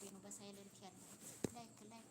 ቢኑ በሳይለንት ያለ ላይክ ላይክ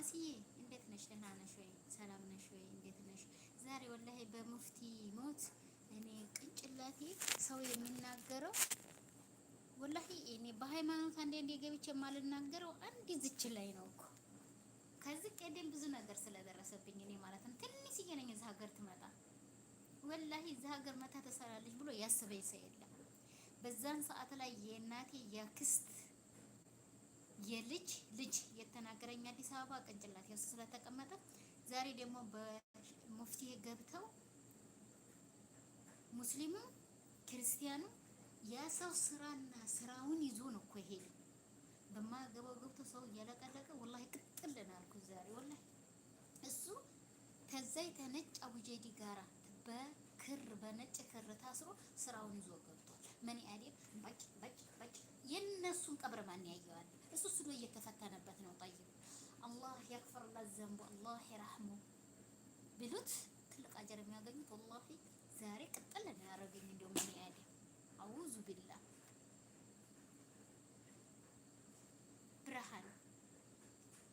መሲዬ እንዴት ነሽ? ደህና ነሽ ወይ? ሰላም ነሽ ወይ? እንዴት ነሽ? ዛሬ ወላሂ በሙፍቲ ሞት እኔ ቅንጭላቴ ሰው የሚናገረው ወላሂ እኔ በሃይማኖት አንዳንዴ ገብቼ የማልናገረው አንድ ዝች ላይ ነው እኮ ከዚህ ቀደም ብዙ ነገር ስለደረሰብኝ እኔ ማለት ነው ትንሽ ነኝ። እዚህ ሀገር ትመጣ ወላሂ እዚህ ሀገር መታ ትሰራለች ብሎ ያስበኝ ሰው የለም። በዛን ሰዓት ላይ የእናቴ ያክስት የልጅ ልጅ የተናገረኝ አዲስ አበባ ቅንጭላት ያሱ ስለተቀመጠ ዛሬ ደግሞ በሙፍቲ ገብተው ሙስሊሙ ክርስቲያኑ የሰው ስራና ስራውን ይዞ ነው እኮ ይሄ በማያገባው ገብቶ ሰው እያለቀለቀ ወላሂ ቅጥል አልኩት ዛሬ ወላሂ እሱ ከዛ የተነጭ አቡጀዲ ጋራ በክር በነጭ ክር ታስሮ ስራውን ይዞ ገብቷል። ምን ያዴ በጭ በጭ በጭ የነሱን ቀብር ማን ያየዋል? እሱ ስዶ እየተፈተነበት ነው። ጠይብ አላህ ያክፈርላት ለዘንቡ አላህ ይራህሙ ብሉት ትልቅ አጀር የሚያገኙት ወላሂ ዛሬ ቅጥል ነው ያደረገኝ። እንደው ምን ያለ አውዙ ቢላ ብርሃን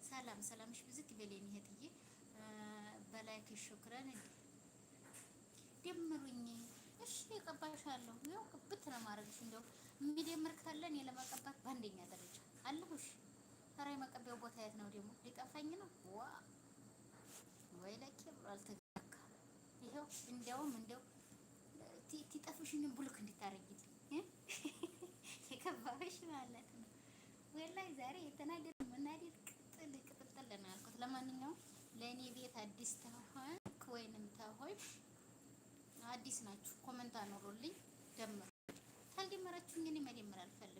ሰላም ሰላምሽ ብዝት ይበለኝ እህትዬ። በላይክ ሽክረን ደምሩኝ። እሺ እቀባሻለሁ። ያው ቅብት ነው ማድረግሽ። እንደው የሚደምር ካለ እኔ ለመቀባት በአንደኛ ደረጃ አለሁሽ። ኧረ የመቀቢያው ቦታ የት ነው ደግሞ? ሊጠፋኝ ነው ዋ ወይ ለኬ ብሎ አልተጋካ። ይኸው እንዲያውም እንዲያው ቲጠፍሽንም ቡልክ እንድታረጊልኝ የከባበሽ ማለት ነው። ወላይ ዛሬ የተናገር መናደድ ቅጥል ቅጥልጥል ነው ያልኩት። ለማንኛውም ለእኔ ቤት አዲስ ተሆንክ ወይንም ተሆንሽ አዲስ ናችሁ ኮመንት አኖሩልኝ። ደምሩ ካልደመራችሁ እኔ መደመር አልፈልግም።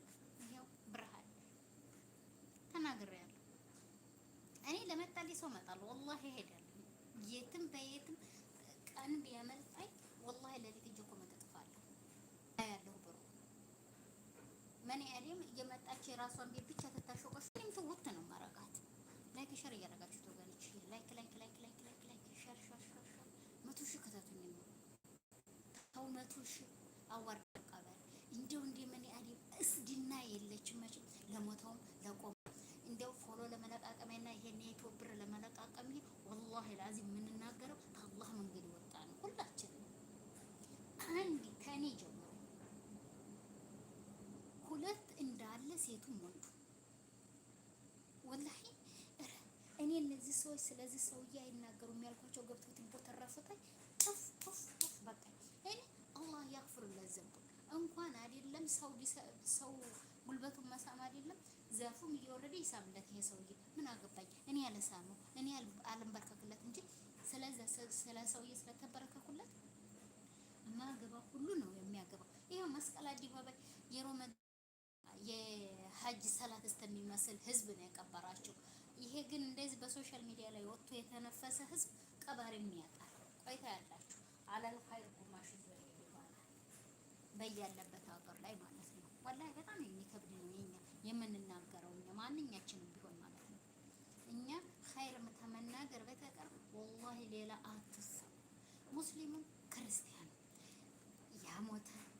ሰው እመጣለሁ። ወላሂ እሄዳለሁ የትም በየትም ቀን ቢያመልጣኝ ወላሂ ለሊት እጅ እኮ መጠጥፋለሁ አያለሁ። ብሩ ምን ያለም እየመጣች የራሷን ቤት ብቻ ትታሾቀሽ ምንም ትውት ነው ማረጋት ላይክ ሸር እያደረጋችሁ ላይክ ላይክ ላይክ ላይክ ላይክ ላይክ ሸር ሸር ሸር ሸር መቶ ሺህ ነው ተው መቶ ሺህ አዋርድ ቀበል እንደው እንደ ምን እስድና የለችም መቼም ለሞተውም ለቆመ እንደው ፎሎ ለመለቃቀሚያና ይሄን የኢትዮጵያ ወላሂ ላዚም የምንናገረው ከአላህ መንገድ የወጣ ነው። ሁላችንም አንድ ከእኔ ጀምሮ ሁለት እንዳለ ሴቱም ወንዱ ወላሂ እኔ እነዚህ ሰዎች ስለዚህ ሰውዬ አይናገሩም ያልኳቸው ገብቶት ቦተረፍታኝ ጥፍ ጥፍ ጥፍ በቃ እኔ አላህ ያክፍር ለዘንቡ እንኳን አይደለም ሰው ሰው ዛፉም እየወረደ ይሳምለት። ይሄ ሰውዬ ምን አገባኝ እኔ ያለሳሙ እኔ አልንበርከክለት እንጂ ስለዛ ስለ ሰውዬ ስለተበረከኩለት ማገባው ሁሉ ነው የሚያገባው። ይሄው መስቀል አደባባይ የሮመ የሀጅ ሰላት እስከሚመስል ህዝብ ነው የቀበራቸው። ይሄ ግን እንደዚህ በሶሻል ሚዲያ ላይ ወጥቶ የተነፈሰ ህዝብ ቀባሪ የሚያጣል። ቆይታ ያላችሁ አለል ኸይር ጉማሽ ይባላል በያለበት ሀገር ላይ ማለት ነው። ወላሂ በጣም የሚከብድ ነው የኛ የምንናገረው እኛ ማንኛችንም ቢሆን ማለት ነው። እኛ ኸይርም ከመናገር በተቀር ወላሂ ሌላ አትሰሙ ሙስሊሙን